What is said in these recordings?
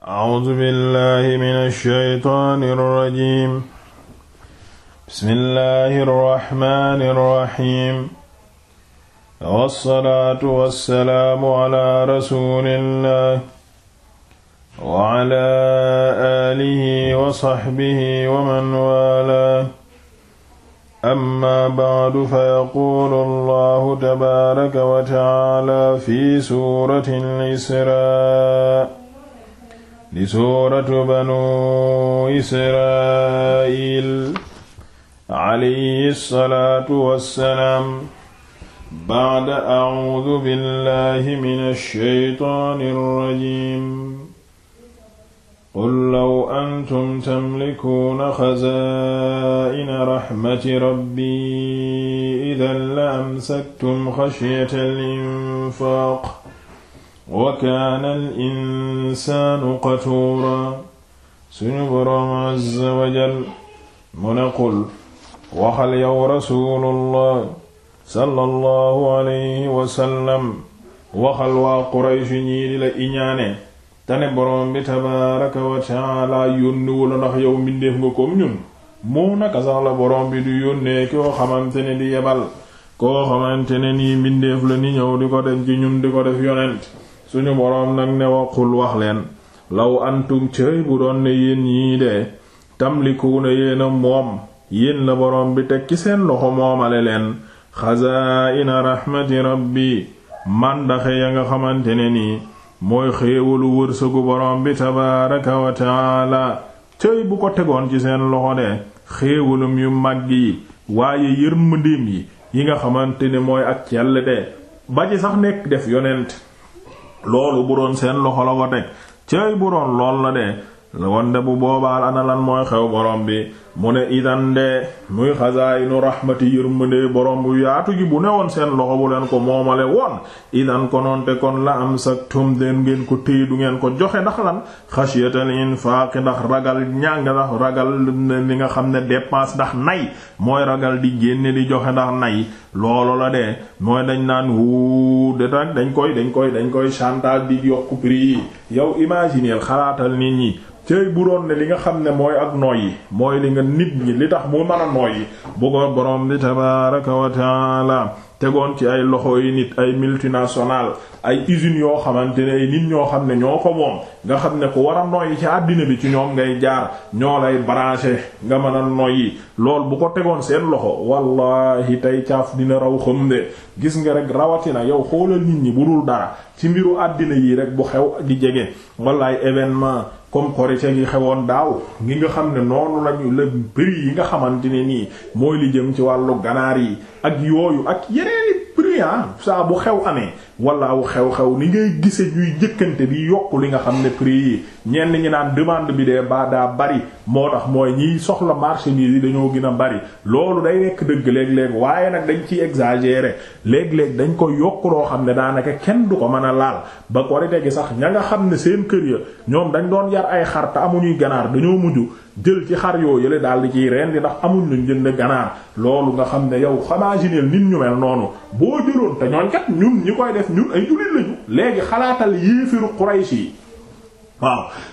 A'uuzu billaahi mina shaytaani rajiim. Bismillaahi rahmaani rahiim. Wassalaatu wassalaamu alaa rasuulillaahi wa alaa aalihi wa sahbihi wa man waalaahu. Amma ba'du fayaquulu Allaahu tabaaraka wa ta'aalaa fi suuratil Israa. di suuratu banu israil alayhi salaatu wassalaam ba'da a'uudu billahi mina shaytaani rajiim qul law antum tamlikuuna xazaa'ina raxmati rabbi idan la amsaktum xashyata al-infaaq wa kaana al insaanu qatuura suñu boroom azza wa jal mu ne qul waxal yow rasuulullah sallallahu alayhi wasallam waxal waa qurayshi ñii di la iñaane tane boroom bi tabaaraka wa taala yónniwu la ndax yow mbindeef nga koom ñun moo naka sax la boroom bi du yónnee koo xamante ne di yebal koo xamante ne nii mbindeef la ni ñëw di ko def ci ñun di ko def yonent suñu boroom nag ne waxul wax leen law antum cëy bu doon ne yéen ñii de tamlikuuna yéen a moom yéen la boroom bi teg ci seen loxo moomale leen xazaa'ina raxmati bi màndaxe ya nga xamante ne nii mooy xéewalu wërsëgu borom bi tabaaraka wa taala cëy bu ko tegoon ci seen loxo de xéewalum yu màgg yi waaye yërmandeem yi yi nga xamante ne mooy ak cell de ba ci sax nekk def yonent loolu bu doon seen loxo la ko teg céy bu doon lool la de wonde bu boobaal ana lan mooy xew borom bi mu ne idan de muy xazaayinu rahmati yërmande borom bu yaatu ji bu woon seen loxo bu leen ko moomale woon idan konoonte kon la am sa saktum de ngeen ko téye du ngeen ko joxe ndax lan xashiyatal infaaq ndax ragal ñàng ndax ragal li nga xam ne dépense ndax nay mooy ragal di génne di joxe ndax nay loolu la de mooy dañ naan wuu de tak dañ koy dañ koy dañ koy chantage di yokku prix yi yow imagineel xalaatal nit ñi cëy bu doon ne li nga xam ne mooy ak noy yi nit ñi li tax mu mën a nooyi bu ko borom bi tabaaraka wa tegoon ci ay loxo yi nit ay multinational ay usines yoo xamante ne ay nit ñoo xam ne ñoo ko moom nga xam ne ku wara a noyyi ci àddina bi ci ñoom ngay jaar ñoo lay branché nga mën a noyyi lool bu ko tegoon seen loxo wallahi tey caaf dina raw xam de gis nga rek rawatina yow xoolal nit ñi bu dul dara ci mbiru àddina yii rek bu xew di jege walla ay événement comme korite gi xewoon daaw ngi nga xam ne noonu lañu la prix yi nga xamante ne nii mooy li jëm ci wàllu ganaar yi ak yooyu ak yeneen prix ah saa bu xew amee wala aw xew-xew ni ngay gise ñuy jëkkante di yokk li nga xam ne prix yi ñenn ñi naan demande bi dee baadaa daa bari moo tax mooy ñiy soxla marché bi dañoo gën a bari loolu day nekk dëgg léeg-léeg waaye nag dañ ciy exagérer léeg-léeg dañ ko yokk loo xam ne daanaka kenn du ko mën a laal ba korite gi sax ña nga xam ne seen kër ya ñoom dañ doon yar ay xar te amuñuy ganaar dañoo mujj jël ci xar yoo yële daal di ciy reen di ndax amuñ luñ jënd ganaar loolu nga xam ne yow xamaa nit ñu mel noonu boo jëloon te ñooñ kat ñun ñi koy def def ñun léegi xalaatal yéefiru Quraysh yi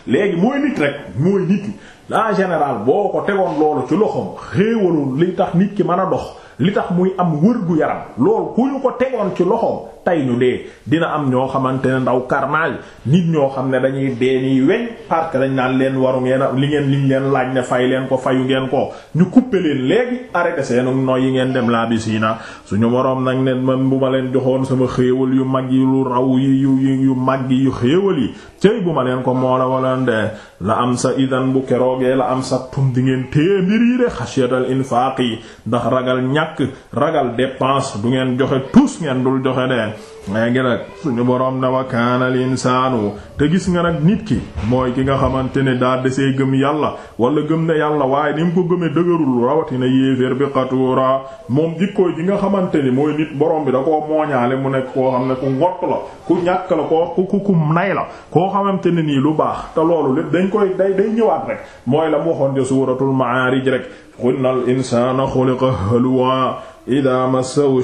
léegi mooy nit rek mooy nit en général boo ko tegoon loolu ci loxoom xéewalul li tax nit ki mën a dox li tax muy am wër gu yaram loolu ku ñu ko tegoon ci loxoom tay ñu dee dina am ñoo xamante ne ndaw carnage nit ñoo xam ne dañuy dee nii weñ parce que dañ naan leen waru ngeen li ngeen liñ leen laaj ne fay leen ko fayu ngeen ko ñu couper leen léegi arrêté seenu noy yi ngeen dem laa bi siina suñu woroom nag ne mën bu ma leen joxoon sama xéewal yu mag yi lu raw yi yu yu mag yi yu xéewal yi cëy bu ma leen ko moo la walan de la am sa idan bu keroogee la am sa tum di ngeen téye mbir yi de xasyatal infaaq yi ndax ragal ñàkk ragal dépense du ngeen joxe tous ngeen dul joxe de léegi nag suñu boroom ne wa kaana al insaanu te gis nga nag nit ki mooy ki nga xamante ne daa desee gëm yàlla wala gëm ne yàlla waaye ni mu ko gëmee dëgërul rawatina yéeféer bi xatuura moom jikkooy ji nga xamante ni mooy nit borom bi da koo mooñaale mu nekk koo xam ne ku ngott la ku ñàkk la koo ku nay la koo xamante ne nii lu baax te loolu lépp dañ koy day day ñëwaat rek mooy la mu waxoon de suuratul maarij rek xulnal insaana xuliqa haluwa ida massahu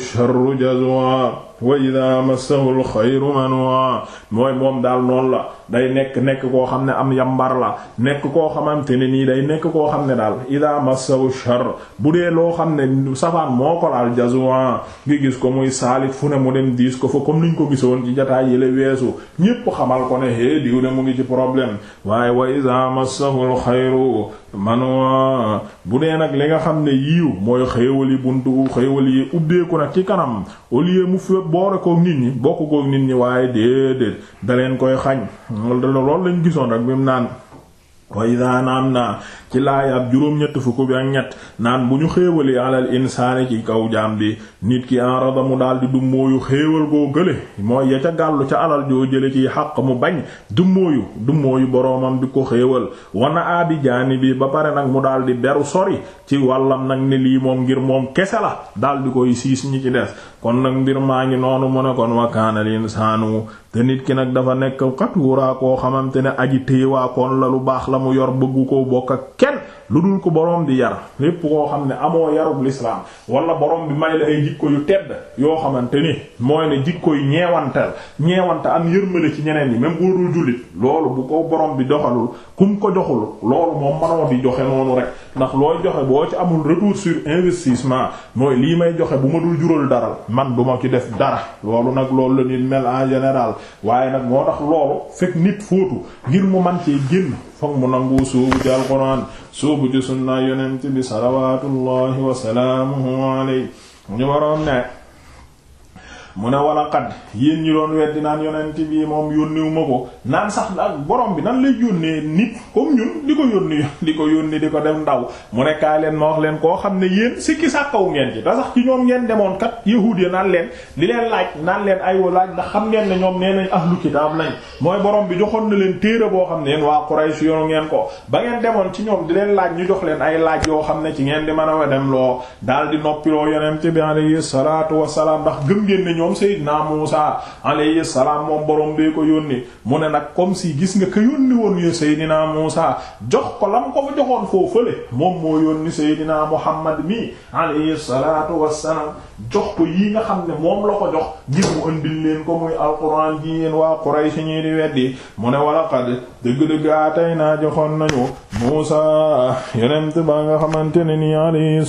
wa ma massahu alxayru manua mooy moom daal noonu la day nekk nekk koo xam ne am yambar la nekk koo xamante ne nii day nekk koo xam ne daal ida massahu shar bu dee loo xam ne safaan moo ko laal jazua nga gis ko muy saalit fu ne mu dem diis ko fa comme niñ ko gisoon ci jataay yële weesu ñépp xamal ko ne ne mu ngi ci problème waaye wa ida massahu alxayru manua bu dee nag li nga xam ne yiiw mooy xéewal yi buntu xéewal yi ubbeeku nag ci kanam au lieu mu boole koog nit ñi bokk koog nit ñi waaye déedéet da leen koy xañ lool lañ gisoon rek bi mu naan. wa ida naam naa ci laayaab juróom-ñett fukk bi ak ñett naan bu ñu xéewalee alal insaani ci kaw jaam bi nit ki enrada mu daal di dummóoyu xéewal goo gële mooy ya ca gàllu ca alal joo jële ci xàq mu bañ dummóoyu dummóoyu boroomam di ko xéewal wana aabi jaani bi ba pare nag mu daal di beru sori ci wàllam nag ne lii moom ngir moom kese la daal di koy siis ñi ci des kon nag mbir maa ngi noonu mu ne kon wakaanal insaanu te nit ki nag dafa nekk kat wuraa koo xamante ne aji téewaakoon la lu baax la mu yor bëggu ko bokk ak kenn lu dul ko borom di yar lépp koo xam ne amoo yarub lislaam wala borom bi may la ay jikko yu tedd yoo xamante ni mooy ne jikko yu ñeewantal ñeewante am yërmale ci ñeneen ñi même bu dul jullit loolu bu ko borom bi doxalul kum ko joxul loolu moom manoo di joxe noonu rek ndax looy joxe boo ci amul retour sur investissement mooy lii may joxe bu ma dul dara man du ma ci def dara loolu nag loolu en général waaye nag moo tax loolu fekk nit fóotu ngir mu man ci génn foog mu nangu sóobu ci alquran sóobu ci sunna yonent bi salawatullahi wasalaamuhu alay ñu waroon ne mu ne wala xad yéen ñi doon weddi naan yonent bii moom yónniwu ma ko naan sax ak borom bi nan lay yónnee nit comme ñun di ko yónni di ko yónni di ko def ndaw mu ne leen ma wax leen koo xam ne yéen sikki sàkkaw ngeen ci da sax ci ñoom ngeen demoon kat yahuud ya naan leen di leen laaj naan leen ay wa laaj ndax xam ngeen ne ñoom nee nañ ahlu kitaab lañ mooy borom bi joxoon na leen téere boo xam ne yéen waa Quraysh yoonu ngeen ko ba ngeen demoon ci ñoom di leen laaj ñu jox leen ay laaj yoo xam ne ci ngeen di mën a wa dem loo daal di noppiloo yonent bi alayhi salaatu wassalaam ndax gëm ngeen ne ñoom ñoom Seydina Muusa alayhi salaam moom borom bee ko yónni mu ne nag comme si gis nga ko yónni woon yo Seydina Muusa jox ko lam ko fa joxoon foofale moom moo yónni Seydina Muhammad mi alayhi salaatu wassalaam jox ko yii nga xam ne moom la ko jox ngir mu ëndil leen ko muy alquran ji yéen waa Quraysh ñi di weddi mu ne wala qad dëgg-dëgg atay naa joxoon nañu Muusa yonent ba nga xamante ne nii alayhi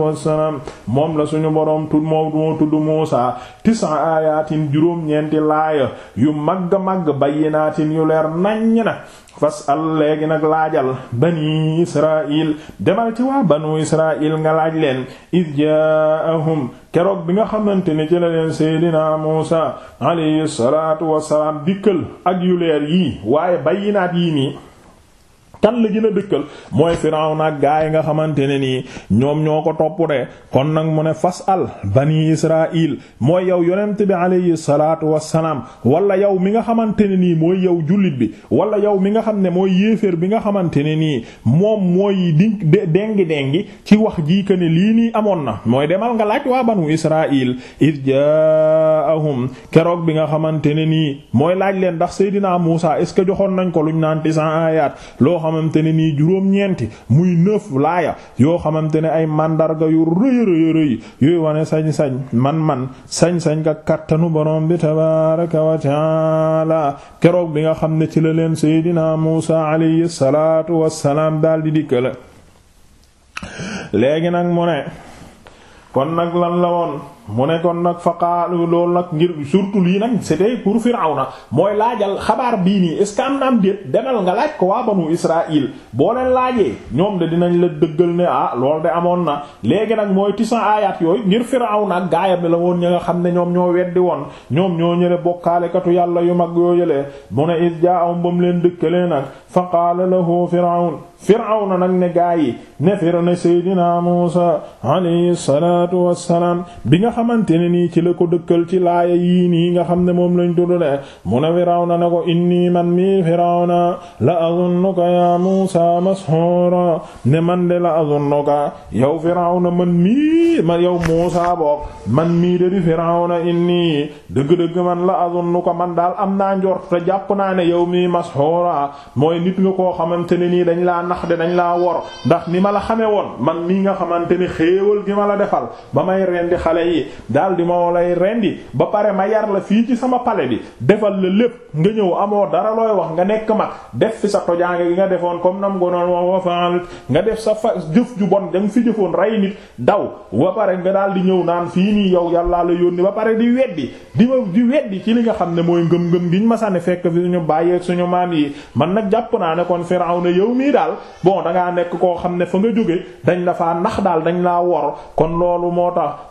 wassalaam moom la suñu borom tudd moom moo tudd Muusa tisa aayaatin juróom-ñeenti laaya yu màgg màgg bayyinaatin yu leer naññ na fasal léegi nag laajal bani israil demal ci waa banu israil nga laaj leen id jaahum keroog bi nga xamante ne ci la leen seydina muusa alayhi salaatu wasalaam dikkal ak yu leer yii waaye bayyinaat yii nii kan la gën a dëkkal mooy Firawna ak gaa yi nga xamante ne nii ñoom ñoo ko topp kon nag mu ne fas al bani Israil mooy yow yonent bi alayhi salaatu wassalaam wala yow mi nga xamante ne nii mooy yow jullit bi wala yow mi nga xam ne mooy yéeféer bi nga xamante ne nii moom mooy di dengi dengi ci wax jii que ne lii nii amoon na mooy demal nga laaj waa banu Israil id jaahum keroog bi nga xamante ne nii mooy laaj leen ndax Seydina Muusa est ce que joxoon nañ ko lu ñu naan tisan ayat xamante ne nii juróom-ñeenti muy neuf laaya yoo xamante ne ay mandarga yu rëy rëy rëy yooyu wane sañ-sañ man-man sañ-sañ nga kattanu borom bi tabaraka wa taala keroog bi nga xam ne ci la leen seydina Muusa alayhi salaatu wassalaam daal di dikkale léegi nag mu ne kon nag lan la woon mu ne kon nag faqaalu lool nag ngir surtout lii nag c'était pour Firawna mooy laajal xabaar bii nii est-ce que am na am déet demal nga laaj ko waa banu Israël boo leen laajee ñoom de dinañ la dëggal ne ah loolu de amoon na léegi nag mooy tisan ayat yooyu ngir Firawna ak gaayam la woon ñi nga xam ne ñoom ñoo weddi woon ñoom ñoo ñële bokkaalekatu yàlla yu mag yoo yëlee mu ne is jaahum ba mu leen dëkkalee nag faqaala lahu Firawna Firawna nag ne gaa yi ne xamante ne nii ci la ko dëkkal ci laaya yii nga xam ne moom lañ tudd de mu ne Firawna ne ko inni man mii Firawna la azunnuka ya Muusa mashura ne man de la azunnuka yow Firawna man mii ma yow Muusa bok man mii de di Firawna inni dëgg-dëgg man la ko man daal am naa njort te jàpp naa ne yow mii mashura mooy nit nga koo xamante ne nii dañ laa nax de dañ laa wor ndax ni ma la xame woon man mii nga xamante ne xéewal gi ma la defal ba may rendi xale yi yi daal moo lay rendi ba pare ma yar la fii ci sama pale bi defal la lépp nga ñëw amoo dara looy wax nga nekk mag def fi sa tojaange gi nga defoon comme nam gonoon wa wa faal nga def sa fa jëf ju bon danga fi jëfoon rey nit daw ba pare nga daal di ñëw naan fii nii yow yàllaa la yónni ba pare di weddi di ma di ci li nga xam ne mooy ngëm-ngëm giñ ma sànni fekk fi suñu bàyyi ak suñu maam yi man nag jàpp naa ne kon Firawna yow mii daal bon koo xam ne fa nga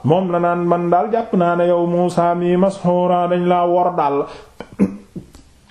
moom la naan naan man daal jàpp naa ne yow Muusaa mi masxuura dañ laa wor daal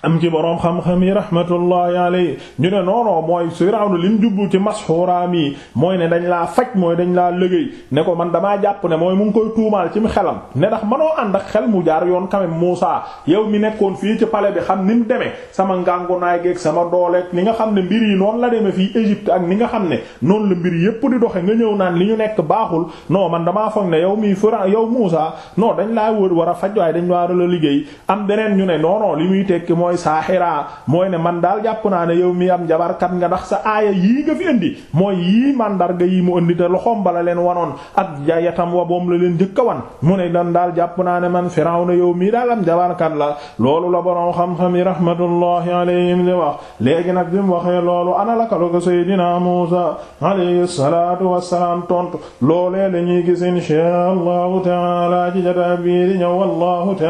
am ci boroom xam-xam yi rahmatullahi alayhi ñu ne noonoo mooy Firawna li mu jublu ci masxuuraam yi mooy ne dañ laa faj mooy dañ laa liggéey ne ko man damaa jàpp ne mooy mu ngi koy tuumaal ci xelam ne ndax manoo ànd ak xel mu jaar yoon quand même Muusaa yow mi nekkoon fii ci palais bi xam ni mu demee sama ngàngunaay geeg sama dooleeg ni nga xam ne mbir yi noonu la demee fii Égypte ak ni nga xam ne noonu la mbir yépp di doxe nga ñëw naan li ñu nekk baaxul noo man damaa foog ne yow mi Firawna yow Muusaa non dañ laa wër war a faj waay dañ war a la liggéey am beneen ñu ne noonoo li muy tekki mooy saaxiraa mooy ne man daal jàpp naa ne yow mi am jabarkat nga ndax sa aaya yii nga fi indi mooy yii mandarga yii mu indi te loxoom bala leen wanoon ak jayatam wa boom la leen njëkk a wan mu ne dan daal jàpp naa ne man Firawna yow mii daal am jabarkat la loolu la borom xam-xam yi rahmatullahi alayhim di wax léegi nag bi mu waxee loolu ana la ko Seydina Muusa alayhi salaatu wassalaam tontu loolee la gis inshaa Allahu ta'ala ci jota